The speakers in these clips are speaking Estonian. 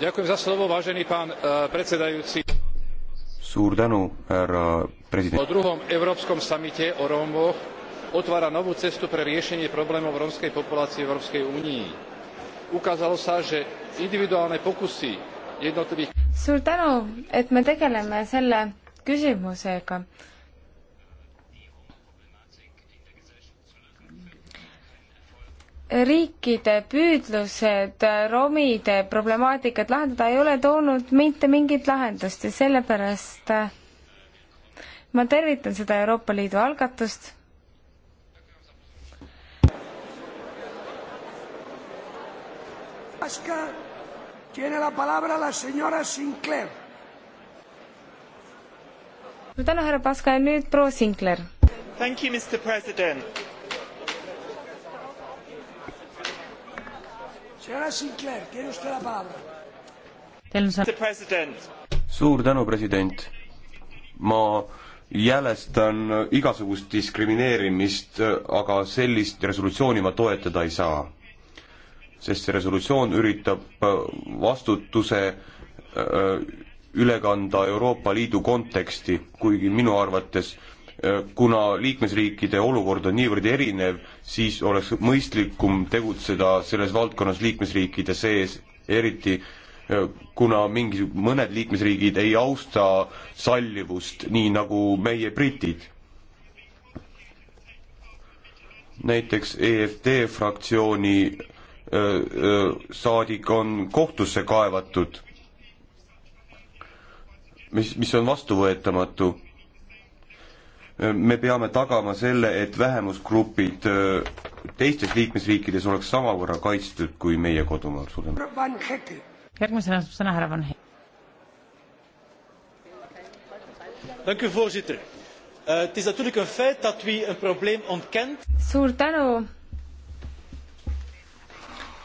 E, suur tänu, härra president. po druhom európskom samite o rómoch otvára novú cestu pre riešenie problémov rómskej populácie v európskej únii. ukázalo sa že individuálne pokusy jednotlivých. suur tänu, et me tegeleme selle küsimusega riikide püüdlused romide problemaatikat lahendada ei ole toonud mitte mingit lahendust ja sellepärast äh, ma tervitan seda Euroopa Liidu algatust. suur tänu, härra Paska ja nüüd proua Sinkler. Thank you, Mr President Teil on sõna. suur tänu, president. ma jälestan igasugust diskrimineerimist, aga sellist resolutsiooni ma toetada ei saa. sest see resolutsioon üritab äh, vastutuse äh, üle kanda Euroopa Liidu konteksti, kuigi minu arvates kuna liikmesriikide olukord on niivõrd erinev, siis oleks mõistlikum tegutseda selles valdkonnas liikmesriikide sees, eriti eh, kuna mingi, mõned liikmesriigid ei austa sallivust, nii nagu meie britid. näiteks EFD fraktsiooni öö, eh, öö, eh, saadik on kohtusse kaevatud, mis, mis on vastuvõetamatu me peame tagama selle, et vähemusgrupid äh, teistes liikmesriikides oleks samavõrra kaitstud kui meie kodumaal. suur tänu. järgmisena saab sõna härra Van He-. Dank u voorzitter. Uh, het is natuurlijk een feit dat wie een probleem ontkent. Suur tänu.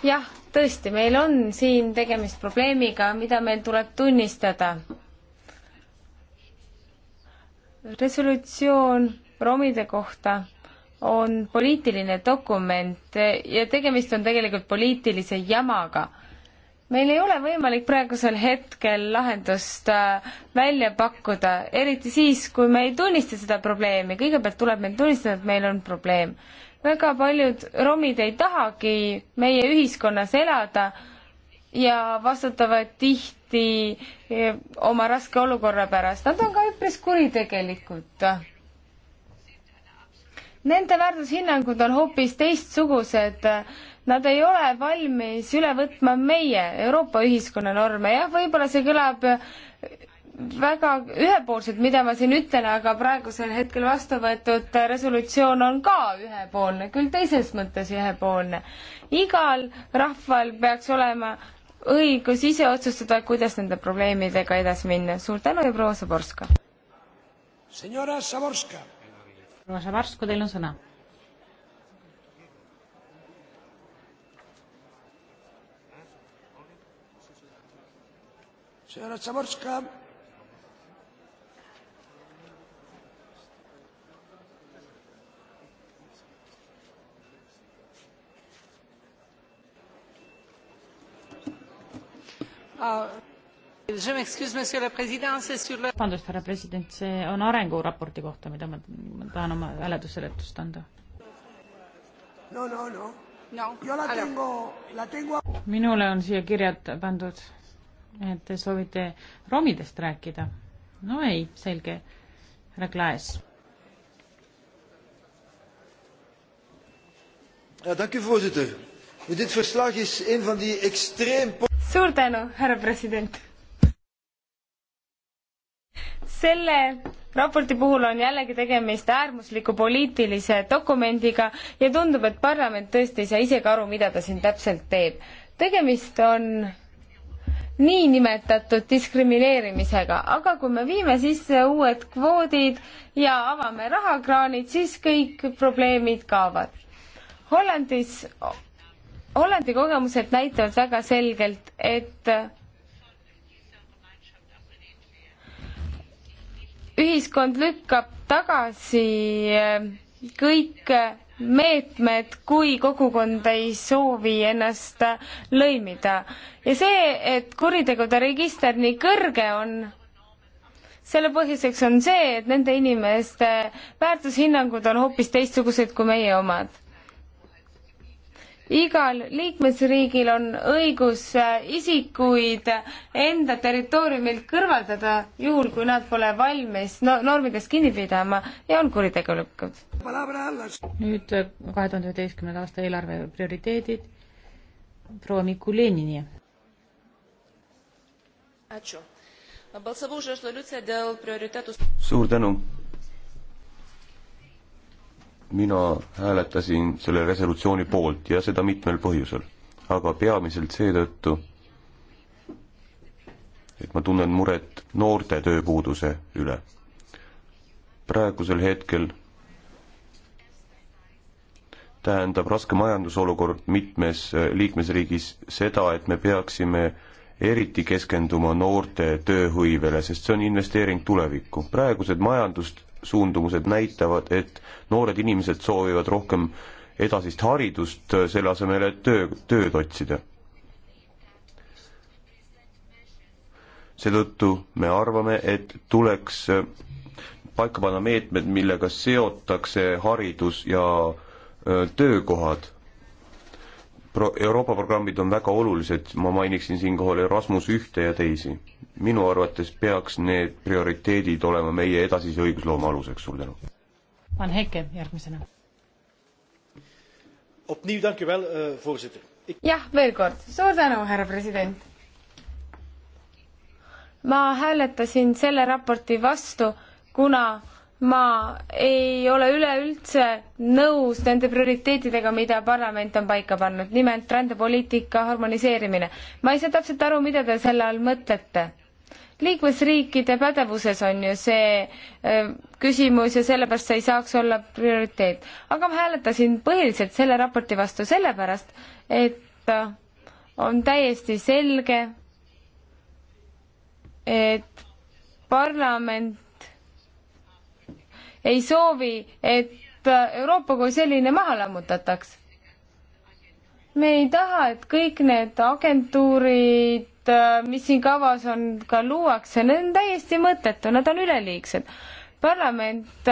Jah, tõesti, meil on siin tegemist probleemiga, mida meil tuleb tunnistada resolutsioon romide kohta on poliitiline dokument ja tegemist on tegelikult poliitilise jamaga. meil ei ole võimalik praegusel hetkel lahendust äh, välja pakkuda, eriti siis, kui me ei tunnista seda probleemi, kõigepealt tuleb meil tunnistada, et meil on probleem. väga paljud romid ei tahagi meie ühiskonnas elada ja vastutavad tihti hästi eh, oma raske olukorra pärast, nad on ka üpris kuritegelikud. Nende väärtushinnangud on hoopis teistsugused. Nad ei ole valmis üle võtma meie Euroopa ühiskonna norme, jah, võib-olla see kõlab väga ühepoolselt, mida ma siin ütlen, aga praegusel hetkel vastu võetud resolutsioon on ka ühepoolne, küll teises mõttes ühepoolne. igal rahval peaks olema õigus ise otsustada, kuidas nende probleemidega edasi minna. suur tänu ja proua Saborska! proua Saborska, teil on sõna. proua Saborska Euh, vabandust, härra president, see on arenguraporti kohta, mida ma, ma tahan oma hääletusseletust anda. no, no, no. No. Tengo, tengo... minule on siia kirjad pandud, et te soovite romidest rääkida. no ei, selge, härra Klaas. Ja, dank u voorzitter. Dit verslag is een van die extreem suur tänu, härra president. selle raporti puhul on jällegi tegemist äärmusliku poliitilise dokumendiga ja tundub, et parlament tõesti ei saa isegi aru, mida ta siin täpselt teeb. tegemist on niinimetatud diskrimineerimisega, aga kui me viime sisse uued kvoodid ja avame rahakraanid, siis kõik probleemid kaovad. Hollandis Hollandi kogemused näitavad väga selgelt, et ühiskond lükkab tagasi eh, kõik meetmed, kui kogukond ei soovi ennast lõimida. ja see, et kuritegude register nii kõrge on, selle põhjuseks on see, et nende inimeste väärtushinnangud on hoopis teistsugused kui meie omad igal liikmesriigil on õigus äh, isikuid enda territooriumilt kõrvaldada, juhul kui nad pole valmis no normidest kinni pidama ja on kuritegelikud. nüüd äh, kahe tuhande üheteistkümnenda aasta eelarve prioriteedid. proua Mikulinini. suur tänu mina hääletasin selle resolutsiooni poolt ja seda mitmel põhjusel, aga peamiselt seetõttu, et ma tunnen muret noorte tööpuuduse üle. praegusel hetkel tähendab raske majandusolukord mitmes äh, liikmesriigis seda, et me peaksime eriti keskenduma noorte tööhõivele, sest see on investeering tulevikku. praegused majandust suundumused näitavad, et noored inimesed soovivad rohkem edasist haridust, äh, selle asemel, et töö, tööd otsida. seetõttu me arvame, et tuleks äh, paika panna meetmed, millega seotakse haridus ja äh, töökohad pro-, Euroopa programmid on väga olulised, ma mainiksin siinkohal Erasmus ühte ja teisi. minu arvates peaks need prioriteedid olema meie edasise õigusloome aluseks, suur tänu. Van Hekke järgmisena. Eh, jah, veel kord, suur tänu, härra president. ma hääletasin selle raporti vastu, kuna ma ei ole üleüldse nõus nende prioriteetidega, mida parlament on paika pannud, nimelt rändepoliitika harmoniseerimine. ma ei saa täpselt aru, mida te selle all mõtlete. liikmesriikide pädevuses on ju see öö, küsimus ja sellepärast see ei saaks olla prioriteet. aga ma hääletasin põhiliselt selle raporti vastu sellepärast, et on täiesti selge, et parlament ei soovi, et Euroopa kui selline maha lammutataks. me ei taha, et kõik need agentuurid, mis siin kavas on, ka luuakse, need on täiesti mõttetu, nad on üleliigsed. parlament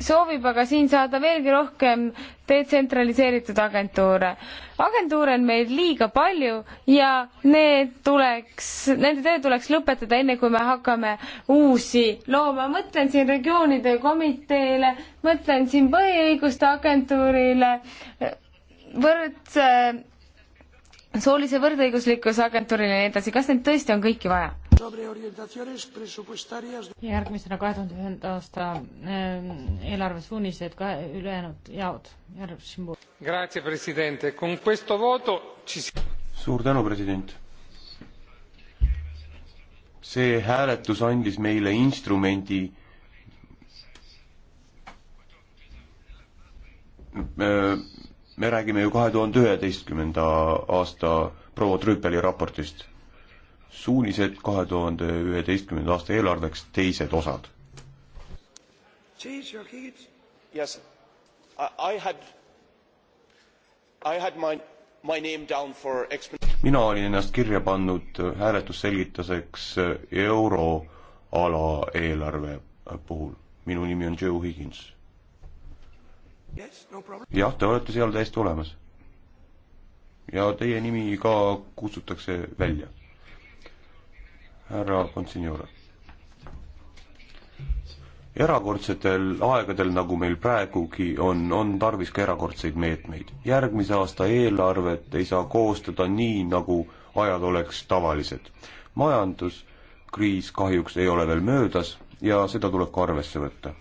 soovib aga siin saada veelgi rohkem detsentraliseeritud agentuure. agentuure on meil liiga palju ja need tuleks, nende töö tuleks lõpetada, enne kui me hakkame uusi looma. mõtlen siin regioonide komiteele, mõtlen siin põhiõiguste agentuurile, võrdse, soolise võrdõiguslikkuse agentuurile ja nii edasi. kas neid tõesti on kõiki vaja? järgmisena kahe tuhande ühenda aasta eh, eelarvesuunised ka ülejäänud jaod. suur tänu, president. see hääletus andis meile instrumendi me räägime ju kahe tuhande üheteistkümnenda aasta proua Trüüpeli raportist suunised kahe tuhande üheteistkümnenda aasta eelarveks teised osad. Yes. I had, I had my, my name down for mina olin ennast kirja pannud hääletusselgituseks euroala eelarve puhul. minu nimi on Joe Higgins. jah, te olete seal täiesti olemas. ja teie nimi ka kutsutakse välja härra Monsignor. erakordsetel aegadel, nagu meil praegugi on, on tarvis ka erakordseid meetmeid. järgmise aasta eelarvet ei saa koostada nii, nagu ajad oleks tavalised. majanduskriis kahjuks ei ole veel möödas ja seda tuleb ka arvesse võtta.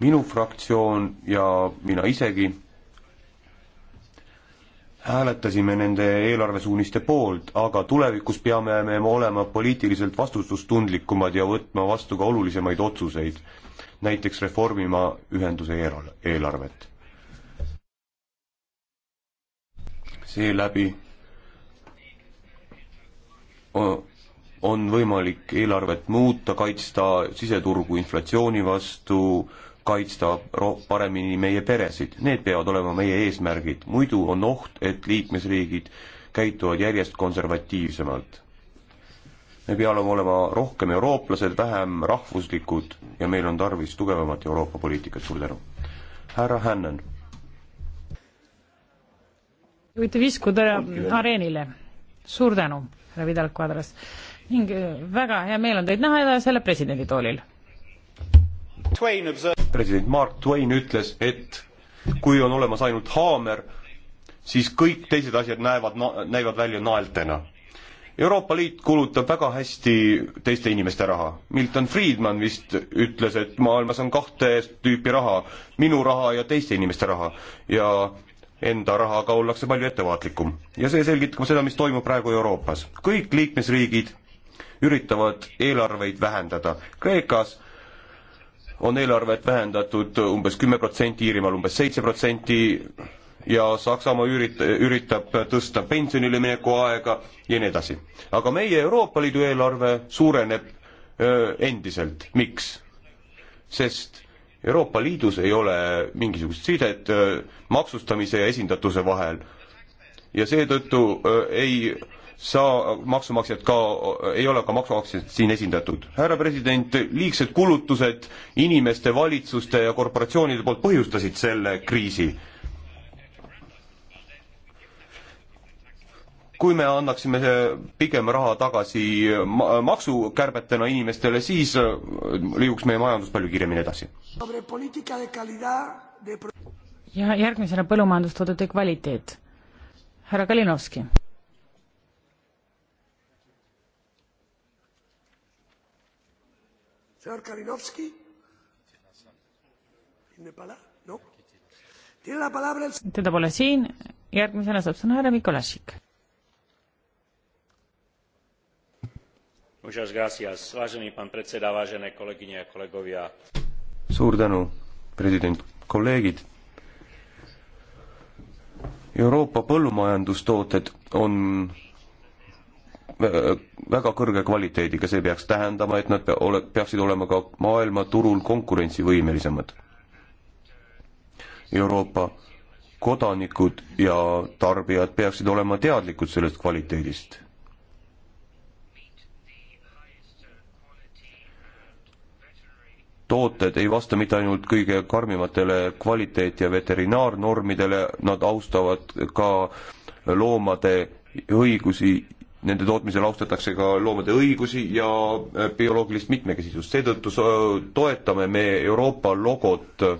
minu fraktsioon ja mina isegi hääletasime nende eelarvesuuniste poolt, aga tulevikus peame me olema poliitiliselt vastutustundlikumad ja võtma vastu ka olulisemaid otsuseid, näiteks reformima ühenduse eelarvet. seeläbi on võimalik eelarvet muuta, kaitsta siseturgu inflatsiooni vastu, kaitsta paremini meie peresid, need peavad olema meie eesmärgid, muidu on oht, et liikmesriigid käituvad järjest konservatiivsemalt. me peame olema rohkem eurooplased, vähem rahvuslikud ja meil on tarvis tugevamat Euroopa poliitikat, suur tänu. härra Hännan. võite viskuda areenile, suur tänu, härra Vidal Quadras ning äh, väga hea meel on teid näha ja selle presidendi toolil president Mark Twain ütles, et kui on olemas ainult haamer, siis kõik teised asjad näevad, näivad välja naeltena. Euroopa Liit kulutab väga hästi teiste inimeste raha. Milton Friedman vist ütles, et maailmas on kahte tüüpi raha, minu raha ja teiste inimeste raha. ja enda rahaga ollakse palju ettevaatlikum. ja see selgitab seda, mis toimub praegu Euroopas. kõik liikmesriigid üritavad eelarveid vähendada. Kreekas on eelarvet vähendatud umbes kümme protsenti, Iirimaal umbes seitse protsenti ja Saksamaa ürit-, üritab tõsta pensionile mineku aega ja nii edasi. aga meie Euroopa Liidu eelarve suureneb öö, endiselt, miks? sest Euroopa Liidus ei ole mingisugust sidet öö, maksustamise ja esindatuse vahel ja seetõttu öö, ei saa, maksumaksjad ka, ei ole ka maksumaksjad siin esindatud. härra president, liigsed kulutused inimeste, valitsuste ja korporatsioonide poolt põhjustasid selle kriisi. kui me annaksime pigem raha tagasi maksukärbetena inimestele, siis liiguks meie majandus palju kiiremini edasi. ja järgmisena põllumajandustoodete kvaliteet. härra Kalinovski señor kalinowski no. teda pole siin järgmisena saab sõna härra mikolasik suur tänu president kolleegid euroopa põllumajandustooted on väga kõrge kvaliteediga, see peaks tähendama, et nad ole, peaksid olema ka maailmaturul konkurentsivõimelisemad. Euroopa kodanikud ja tarbijad peaksid olema teadlikud sellest kvaliteedist. tooted ei vasta mitte ainult kõige karmimatele kvaliteet- ja veterinaarnormidele, nad austavad ka loomade õigusi nende tootmisel austatakse ka loomade õigusi ja äh, bioloogilist mitmekesisust, seetõttu toetame me Euroopa logot äh,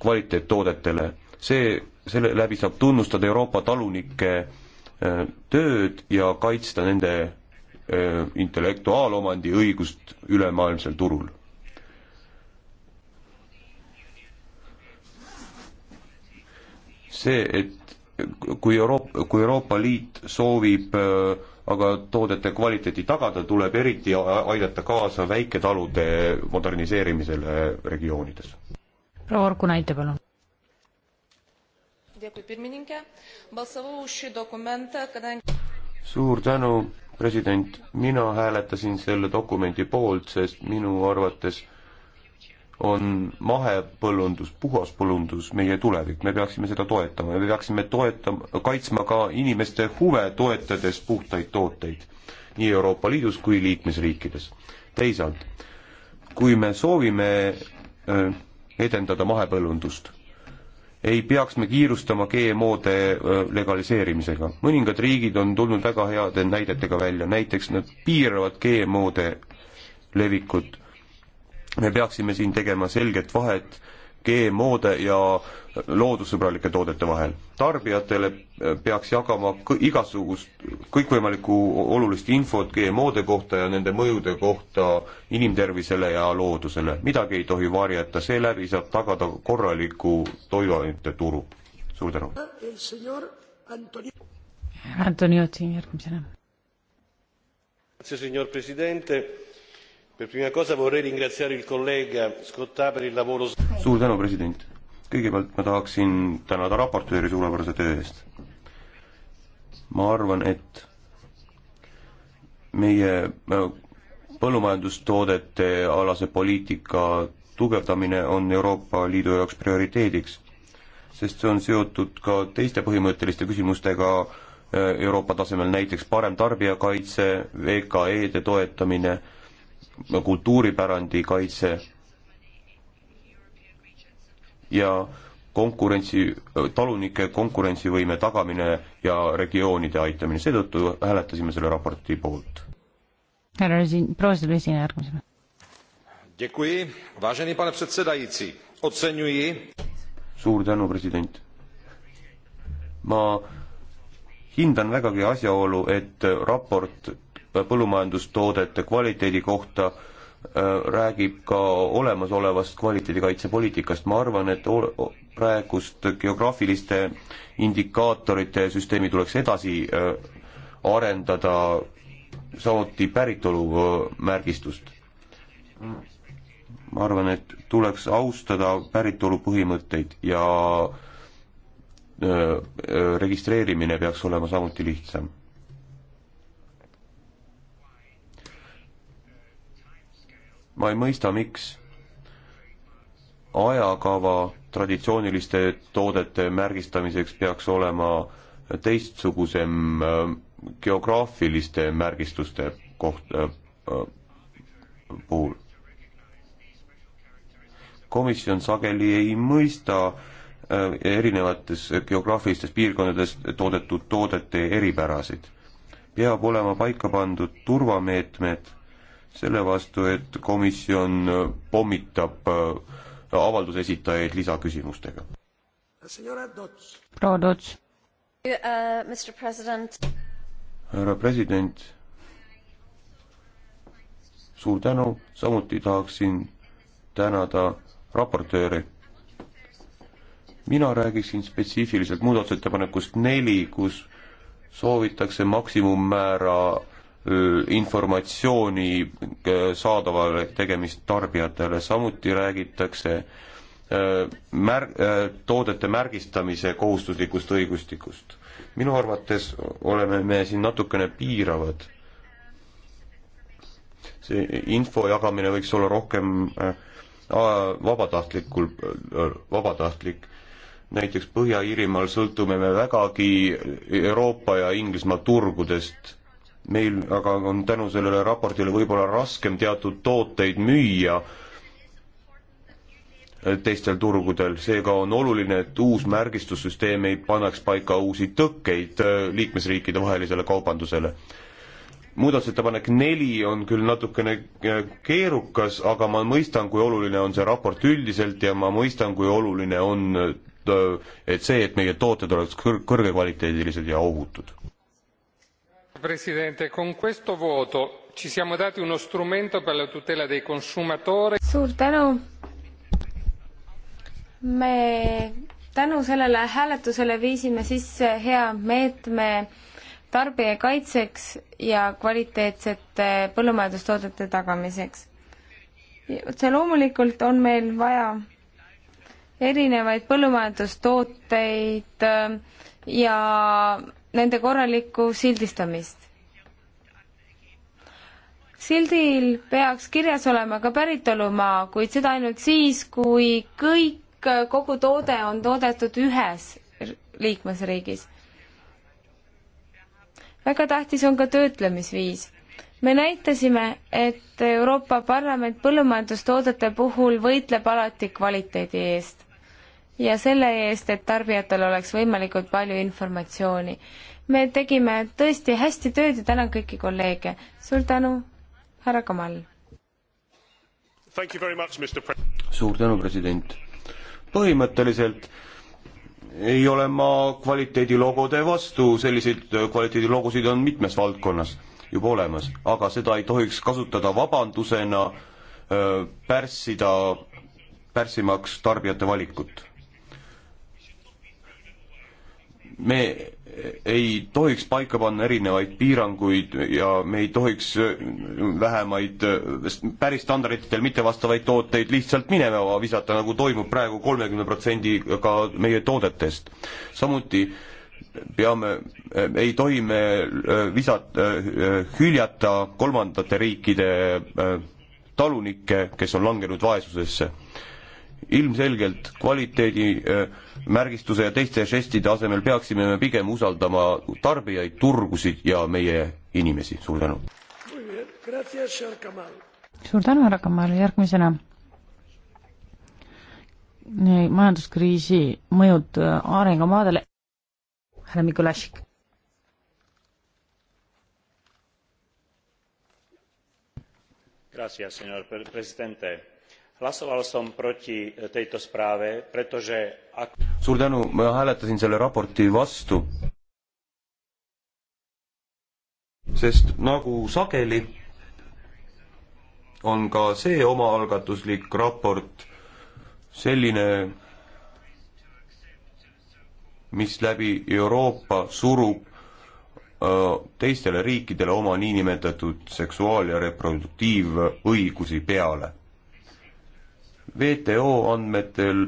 kvaliteettoodetele. see, selle läbi saab tunnustada Euroopa talunike äh, tööd ja kaitsta nende intellektuaalomandi õigust ülemaailmsel turul. see, et kui Euroopa, kui Euroopa Liit soovib äh, aga toodete kvaliteeti tagada tuleb eriti aidata kaasa väiketalude moderniseerimisele regioonides. proua Orku näite, palun. suur tänu, president, mina hääletasin selle dokumendi poolt, sest minu arvates on mahepõllundus, puhas põllundus meie tulevik, me peaksime seda toetama ja me peaksime toetama, kaitsma ka inimeste huve, toetades puhtaid tooteid nii Euroopa Liidus kui liikmesriikides. teisalt, kui me soovime edendada mahepõllundust, ei peaks me kiirustama GMO-de legaliseerimisega. mõningad riigid on tulnud väga heade näidetega välja, näiteks nad piiravad GMO-de levikut me peaksime siin tegema selget vahet GMO-de ja loodussõbralike toodete vahel. tarbijatele peaks jagama igasugust, kõikvõimalikku olulist infot GMO-de kohta ja nende mõjude kohta inimtervisele ja loodusele. midagi ei tohi varjata, seeläbi saab tagada korraliku toiduainete turu. suur tänu. Antoni Otsin järgmisena. Signor Presidente per prima cosa vorrei ringraziare il collega Scottà per il lavoro suur tänu, president! kõigepealt ma tahaksin tänada raportööri suurepärase töö eest. ma arvan, et meie äh, põllumajandustoodete alase poliitika tugevdamine on Euroopa Liidu jaoks prioriteediks, sest see on seotud ka teiste põhimõtteliste küsimustega äh, Euroopa tasemel, näiteks parem tarbijakaitse, VKE-de toetamine kultuuripärandi kaitse ja konkurentsi, talunike konkurentsivõime tagamine ja regioonide aitamine, seetõttu hääletasime selle raporti poolt. härra Rüsin, proua Rüsin järgmisena. Děkuji, vážený pane předsedající, oceňuji. suur tänu, president. ma hindan vägagi asjaolu, et raport põllumajandustoodete kvaliteedi kohta äh, räägib ka olemasolevast kvaliteedikaitsepoliitikast, ma arvan, et praegust geograafiliste indikaatorite süsteemi tuleks edasi äh, arendada, samuti päritolumärgistust. Äh, ma arvan, et tuleks austada päritolu põhimõtteid ja registreerimine peaks olema samuti lihtsam ma ei mõista, miks ajakava traditsiooniliste toodete märgistamiseks peaks olema teistsugusem äh, geograafiliste märgistuste koht- äh, äh,, puhul. komisjon sageli ei mõista äh, erinevates geograafilistes piirkondades toodetud toodete eripärasid. peab olema paika pandud turvameetmed selle vastu, et komisjon pommitab äh, avalduse esitajaid lisaküsimustega. proua Toots. Uh, härra president, suur tänu, samuti tahaksin tänada raportööri mina räägiksin spetsiifiliselt muudatusettepanekust neli, kus soovitakse maksimummäära informatsiooni äh, saadavale tegemist tarbijatele, samuti räägitakse märg-, toodete märgistamise kohustuslikust õigustikust. minu arvates oleme me siin natukene piiravad. see info jagamine võiks olla rohkem äh, vabatahtlikul, vabatahtlik näiteks Põhja-Iirimaal sõltume me vägagi Euroopa ja Inglismaa turgudest meil aga on tänu sellele raportile võib-olla raskem teatud tooteid müüa teistel turgudel, seega on oluline, et uus märgistussüsteem ei paneks paika uusi tõkkeid äh, liikmesriikide vahelisele kaubandusele. muudatusettepanek neli on küll natukene äh, keerukas, aga ma mõistan, kui oluline on see raport üldiselt ja ma mõistan, kui oluline on äh, et see, et meie tooted oleks kõr-, kõrgekvaliteedilised ja ohutud presidente con questo voto ci siamo dati uno strumento per la tutela dei consumatori. suur tänu. me tänu sellele hääletusele viisime sisse hea meetme tarbija kaitseks ja kvaliteetsete põllumajandustoodete tagamiseks. otse loomulikult on meil vaja erinevaid põllumajandustooteid äh, ja nende korralikku sildistamist. sildil peaks kirjas olema ka päritolumaa, kuid seda ainult siis, kui kõik, kogu toode on toodetud ühes liikmesriigis. väga tähtis on ka töötlemisviis me näitasime, et Euroopa Parlament põllumajandustoodete puhul võitleb alati kvaliteedi eest ja selle eest, et tarbijatel oleks võimalikult palju informatsiooni. me tegime tõesti hästi tööd ja tänan kõiki kolleege. suur tänu, härra Kamal! suur tänu, president! põhimõtteliselt ei ole ma kvaliteedilogode vastu, selliseid äh, kvaliteedilogosid on mitmes valdkonnas juba olemas, aga seda ei tohiks kasutada vabandusena äh, pärssida, pärssimaks tarbijate valikut me ei tohiks paika panna erinevaid piiranguid ja me ei tohiks äh, vähemaid äh, päris standarditel mittevastavaid tooteid lihtsalt minema visata, nagu toimub praegu kolmekümne protsendiga meie toodetest. samuti peame, äh, ei tohi me visata, hüljata kolmandate riikide talunikke, kes on langenud vaesusesse ilmselgelt kvaliteedi äh, märgistuse ja teiste žestide asemel peaksime me pigem usaldama tarbijaid, turgusid ja meie inimesi, suur tänu. suur tänu, härra Kamal, järgmisena. majanduskriisi mõjud äh, arengumaadele, härra Mikulašik. Gracias, señor presidente hlasoval som proti eh, tejto správe pretože suur tänu ma hääletasin selle raporti vastu sest nagu sageli on ka see omaalgatuslik raport selline mis läbi Euroopa surub äh, teistele riikidele oma niinimetatud seksuaal- ja reproduktiivõigusi peale WTO andmetel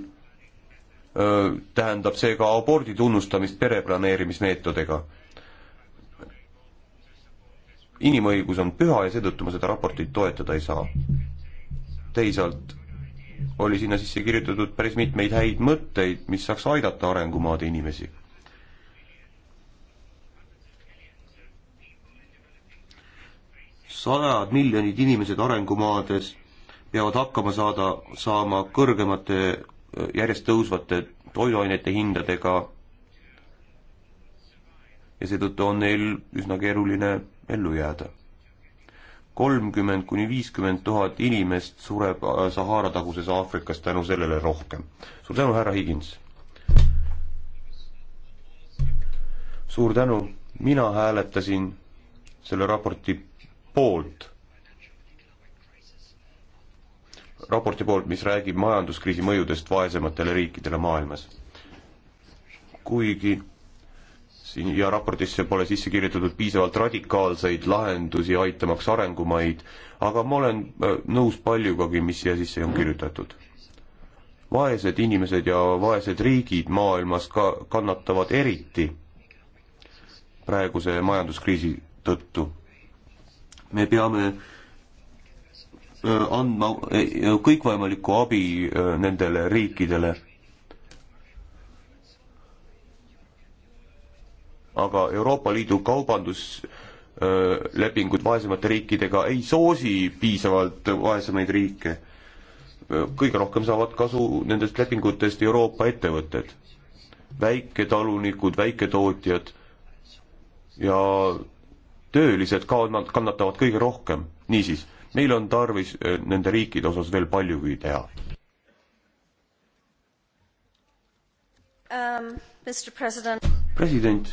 öö, tähendab see ka abordi tunnustamist pereplaneerimismeetodega. inimõigus on püha ja seetõttu ma seda raportit toetada ei saa. teisalt oli sinna sisse kirjutatud päris mitmeid häid mõtteid, mis saaks aidata arengumaade inimesi. sajad miljonid inimesed arengumaades peavad hakkama saada, saama kõrgemate järjest tõusvate toiduainete hindadega ja seetõttu on neil üsna keeruline ellu jääda. kolmkümmend kuni viiskümmend tuhat inimest sureb äh, Sahara taguses Aafrikas tänu sellele rohkem. suur tänu, härra Higins! suur tänu, mina hääletasin selle raporti poolt raporti poolt, mis räägib majanduskriisi mõjudest vaesematele riikidele maailmas. kuigi siin ja raportisse pole sisse kirjutatud piisavalt radikaalseid lahendusi, aitamaks arengumaid, aga ma olen äh, nõus paljugagi, mis siia sisse on kirjutatud. vaesed inimesed ja vaesed riigid maailmas ka kannatavad eriti praeguse majanduskriisi tõttu. me peame andma kõikvõimalikku abi nendele riikidele. aga Euroopa Liidu kaubanduslepingud vaesemate riikidega ei soosi piisavalt vaesemaid riike. kõige rohkem saavad kasu nendest lepingutest Euroopa ettevõtted, väiketalunikud, väiketootjad ja töölised kannatavad kõige rohkem, niisiis meil on tarvis äh, nende riikide osas veel paljugi teha um,. president, president,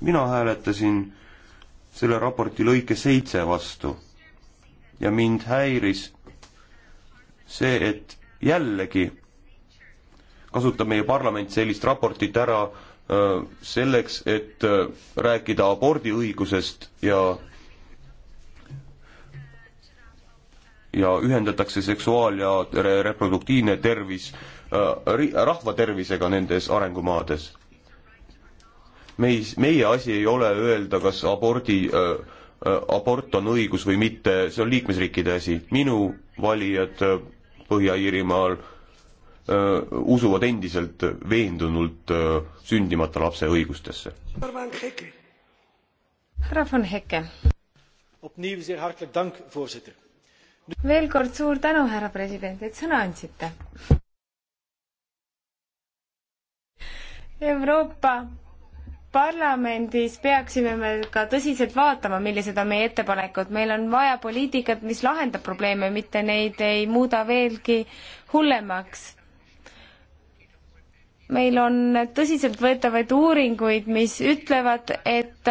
mina hääletasin selle raporti lõike seitse vastu ja mind häiris see, et jällegi kasutab meie parlament sellist raportit ära äh, selleks, et äh, rääkida abordiõigusest ja ja ühendatakse seksuaal- ja reproduktiivne tervis äh, rahva tervisega nendes arengumaades. meis, meie asi ei ole öelda, kas abordi, äh, äh, abort on õigus või mitte, see on liikmesriikide asi. minu valijad Põhja-Iirimaal usuvad endiselt veendunult sündimata lapse õigustesse. härra von Hecke. opnieuw zeer hartelijk dank, voorzitter veel kord suur tänu, härra president, et sõna andsite. Euroopa Parlamendis peaksime me ka tõsiselt vaatama, millised on meie ettepanekud. meil on vaja poliitikat, mis lahendab probleeme, mitte neid ei muuda veelgi hullemaks. meil on tõsiseltvõetavaid uuringuid, mis ütlevad, et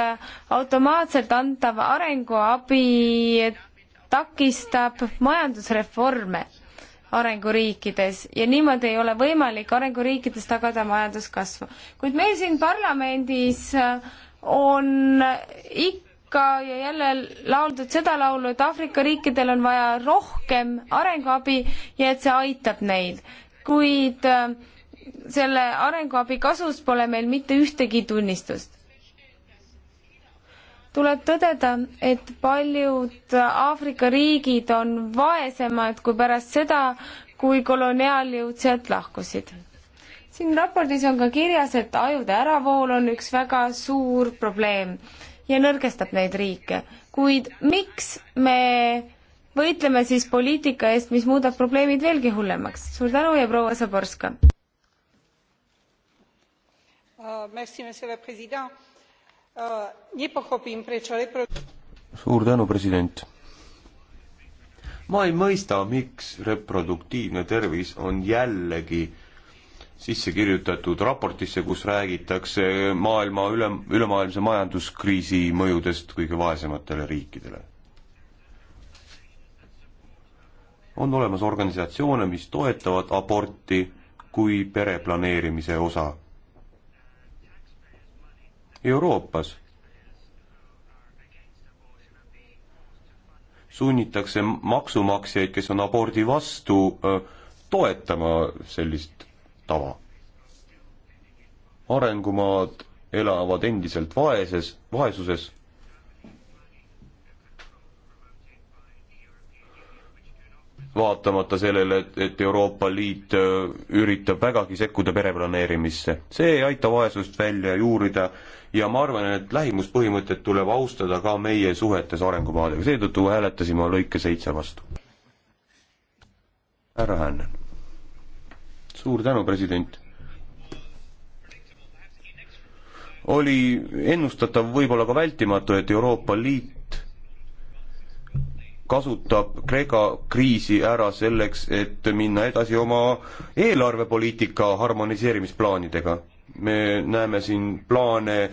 automaatselt antav arenguabi takistab majandusreforme arenguriikides ja niimoodi ei ole võimalik arenguriikides tagada majanduskasvu. kuid meil siin parlamendis äh, on ikka ja jälle lauldud seda laulu, et Aafrika riikidel on vaja rohkem arenguabi ja et see aitab neid. kuid äh, selle arenguabi kasus pole meil mitte ühtegi tunnistust tuleb tõdeda, et paljud Aafrika riigid on vaesemad kui pärast seda, kui koloniaaljõud sealt lahkusid. siin raportis on ka kirjas, et ajude äravool on üks väga suur probleem ja nõrgestab neid riike, kuid miks me võitleme siis poliitika eest, mis muudab probleemid veelgi hullemaks. suur tänu ja proua Zaborska uh,! Äh, suur tänu, president. ma ei mõista, miks reproduktiivne tervis on jällegi sisse kirjutatud raportisse, kus räägitakse maailma üle, ülemaailmse majanduskriisi mõjudest kõige vaesematele riikidele. on olemas organisatsioone, mis toetavad aborti kui pereplaneerimise osa Euroopas sunnitakse maksumaksjaid, kes on abordi vastu, toetama sellist tava. arengumaad elavad endiselt vaeses, vaesuses vaatamata sellele, et, et Euroopa Liit üritab vägagi sekkuda pereplaneerimisse. see ei aita vaesust välja juurida ja ma arvan, et lähimuspõhimõtet tuleb austada ka meie suhetes arengumaadega, seetõttu hääletasin ma lõike seitse vastu. härra Hännen. suur tänu, president. oli ennustatav, võib-olla ka vältimatu, et Euroopa Liit kasutab Kreeka kriisi ära selleks, et minna edasi oma eelarvepoliitika harmoniseerimisplaanidega me näeme siin plaane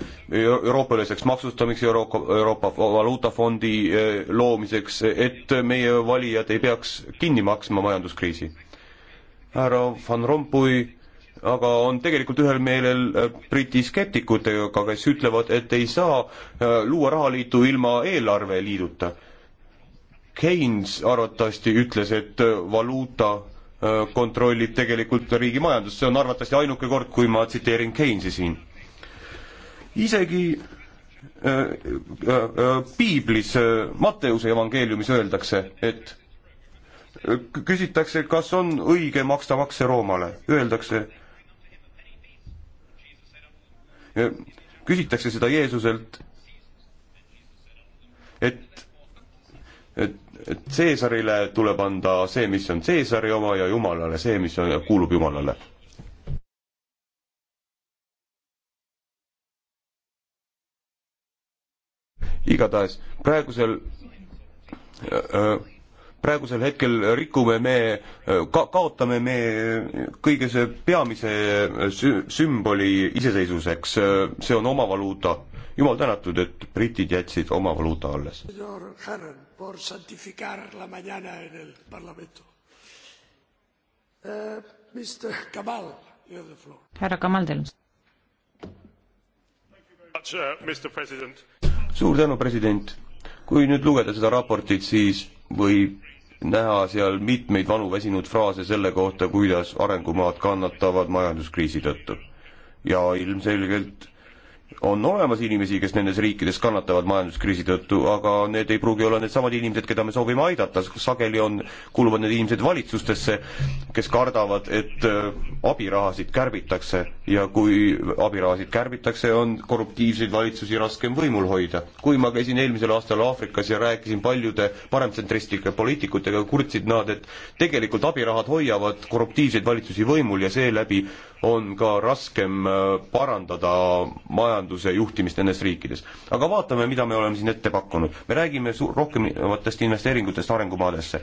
euroopaliseks maksustamiseks, Euroopa, Euroopa Valuutafondi eh, loomiseks, et meie valijad ei peaks kinni maksma majanduskriisi. härra Van Rompuy aga on tegelikult ühel meelel eh, Briti skeptikutega, kes ütlevad, et ei saa eh, luua rahaliitu ilma eelarveliiduta. Keynes arvatavasti ütles, et valuuta Äh, kontrollib tegelikult riigi majandust, see on arvatavasti ainuke kord, kui ma tsiteerin Keinsi siin. isegi äh, äh, piiblis Matteuse evangeeliumis öeldakse, et küsitakse, kas on õige maksta makse Roomale, öeldakse, küsitakse seda Jeesuselt, et, et Caesarile tuleb anda see, mis on Caesari oma ja Jumalale see, mis on, kuulub Jumalale. igatahes praegusel äh, äh, praegusel hetkel rikume me, äh, ka-, kaotame me kõige see peamise sü-, sümboli iseseisvuseks, see on oma valuuta jumal tänatud, et britid jätsid oma valuuta alles. Eh, härra Kamal, teil on uh, suur tänu, president. kui nüüd lugeda seda raportit, siis võib näha seal mitmeid vanu väsinud fraase selle kohta, kuidas arengumaad kannatavad majanduskriisi tõttu. ja ilmselgelt on olemas inimesi, kes nendes riikides kannatavad majanduskriisi tõttu, aga need ei pruugi olla needsamad inimesed, keda me soovime aidata, sageli on, kuuluvad need inimesed valitsustesse, kes kardavad, et äh, abirahasid kärbitakse ja kui abirahasid kärbitakse, on korruptiivseid valitsusi raskem võimul hoida. kui ma käisin eelmisel aastal Aafrikas ja rääkisin paljude paremtsentristlike poliitikutega, kurtsid nad, et tegelikult abirahad hoiavad korruptiivseid valitsusi võimul ja seeläbi on ka raskem äh, parandada majanduse juhtimist nendes riikides. aga vaatame, mida me oleme siin ette pakkunud. me räägime rohkematest investeeringutest arengumaadesse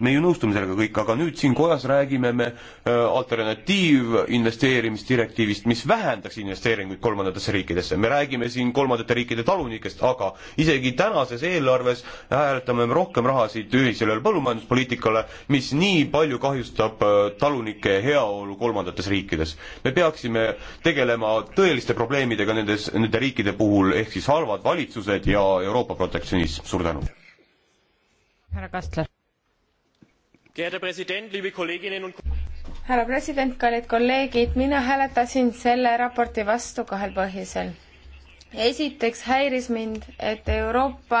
me ju nõustume sellega kõik, aga nüüd siin kojas räägime me äh, alternatiivinvesteerimisdirektiivist, mis vähendaks investeeringuid kolmandatesse riikidesse. me räägime siin kolmandate riikide talunikest, aga isegi tänases eelarves hääletame me rohkem rahasid ühisele põllumajanduspoliitikale, mis nii palju kahjustab äh, talunike heaolu kolmandates riikides. me peaksime tegelema tõeliste probleemidega nendes, nende riikide puhul, ehk siis halvad valitsused ja Euroopa protektsionism. suur tänu! härra Kastler härra president, kallid kolleegid, mina hääletasin selle raporti vastu kahel põhjusel. esiteks häiris mind, et Euroopa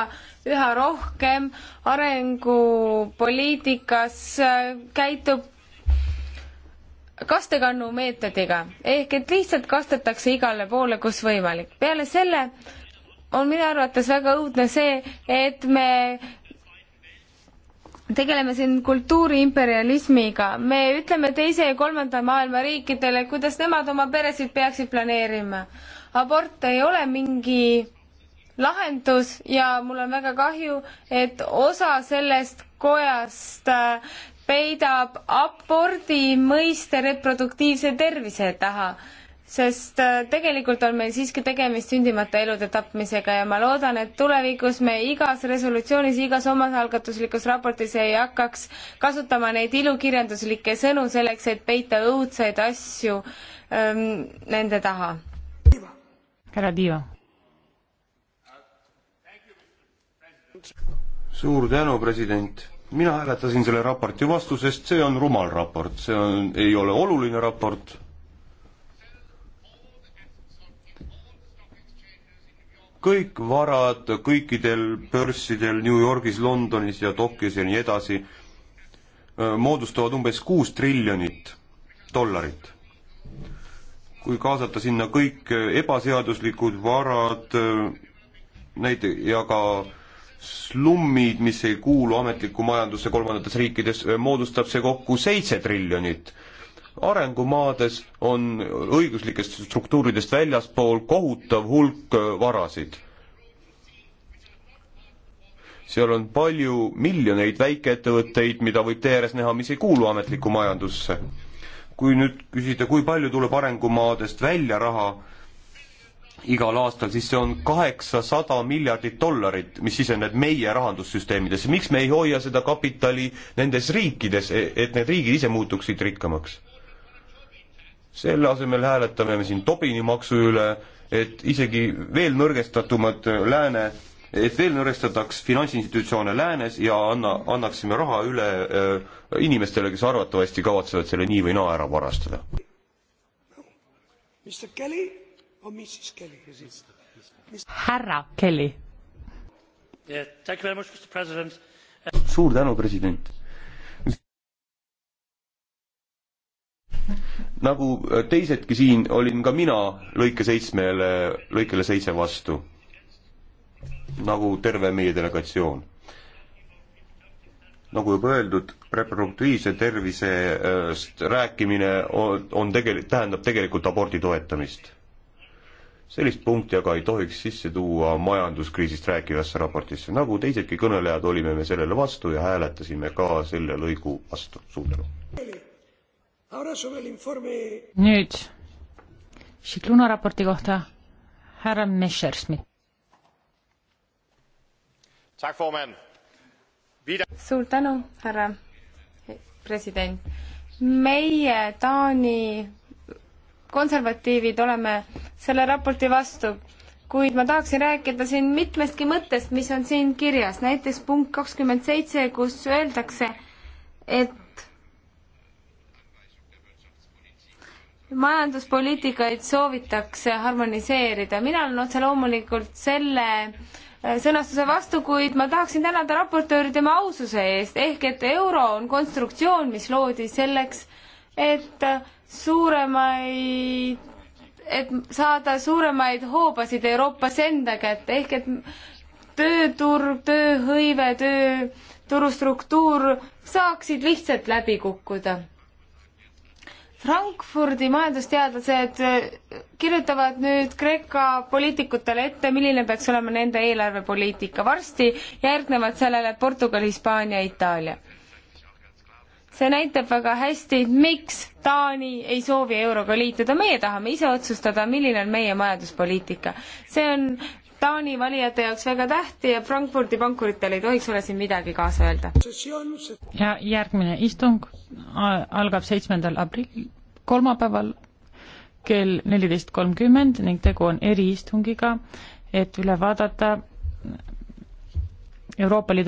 üha rohkem arengupoliitikas äh, käitub kastekannu meetodiga ehk et lihtsalt kastetakse igale poole, kus võimalik. peale selle on minu arvates väga õudne see, et me tegeleme siin kultuuriimperialismiga, me ütleme teise ja kolmanda maailma riikidele, kuidas nemad oma peresid peaksid planeerima. abort ei ole mingi lahendus ja mul on väga kahju, et osa sellest kojast äh, peidab abordi mõiste reproduktiivse tervise taha sest äh, tegelikult on meil siiski tegemist sündimata elude tapmisega ja ma loodan, et tulevikus me igas resolutsioonis, igas omaalgatuslikus raportis ei hakkaks kasutama neid ilukirjanduslikke sõnu selleks, et peita õudsaid asju ähm, nende taha. härra Tiiva. suur tänu, president. mina hääletasin selle raporti vastu, sest see on rumal raport, see on, ei ole oluline raport kõik varad kõikidel börssidel New Yorgis, Londonis ja Tokyos ja nii edasi moodustavad umbes kuus triljonit dollarit. kui kaasata sinna kõik ebaseaduslikud varad, näite- ja ka slummid, mis ei kuulu ametlikku majandusse kolmandates riikides, moodustab see kokku seitse triljonit arengumaades on õiguslikest struktuuridest väljaspool kohutav hulk äh, varasid. seal on palju miljoneid väikeettevõtteid, mida võib tee ääres näha, mis ei kuulu ametlikku majandusse. kui nüüd küsida, kui palju tuleb arengumaadest välja raha igal aastal, siis see on kaheksasada miljardit dollarit, mis siseneb meie rahandussüsteemidesse. miks me ei hoia seda kapitali nendes riikides, e-, et need riigid ise muutuksid rikkamaks? selle asemel hääletame me siin Tobini maksu üle, et isegi veel nõrgestatumad lääne, et veel nõrgestataks finantsinstitutsioone läänes ja anna, annaksime raha üle äh, inimestele, kes arvatavasti kavatsevad selle nii või naa ära varastada. härra Kelly. suur tänu, president nagu äh, teisedki siin, olin ka mina lõike seitsmele, lõikele seitse vastu. nagu terve meie delegatsioon. nagu juba öeldud, reproduktiivse tervisest rääkimine on, on tegel-, tähendab tegelikult abordi toetamist. sellist punkti aga ei tohiks sisse tuua majanduskriisist rääkivasse raportisse, nagu teisedki kõnelejad, olime me sellele vastu ja hääletasime ka selle lõigu vastu. suur tänu! nüüd Šikluna raporti kohta härra Messerschmidt. suur tänu, härra president. meie, Taani konservatiivid oleme selle raporti vastu, kuid ma tahaksin rääkida siin mitmestki mõttest, mis on siin kirjas, näiteks punkt kakskümmend seitse, kus öeldakse, et majanduspoliitikaid soovitakse harmoniseerida. mina olen otse loomulikult selle äh, sõnastuse vastu, kuid ma tahaksin tänada raportööri tema aususe eest, ehk et euro on konstruktsioon, mis loodi selleks, et suuremaid, et saada suuremaid hoobasid Euroopas enda kätte, ehk et tööturg, tööhõive, tööturustruktuur saaksid lihtsalt läbi kukkuda Frankfurdi majandusteadlased äh, kirjutavad nüüd Kreeka poliitikutele ette, milline peaks olema nende eelarvepoliitika. varsti järgnevad sellele Portugal, Hispaania, Itaalia. see näitab väga hästi, miks Taani ei soovi euroga liituda, meie tahame ise otsustada, milline on meie majanduspoliitika. see on Taani valijate jaoks väga tähti ja Frankfurdi pankuritel ei tohiks olla siin midagi kaasa öelda. ja järgmine istung algab seitsmendal aprillil, kolmapäeval kell neliteist kolmkümmend ning tegu on eriistungiga, et üle vaadata Euroopa Liidu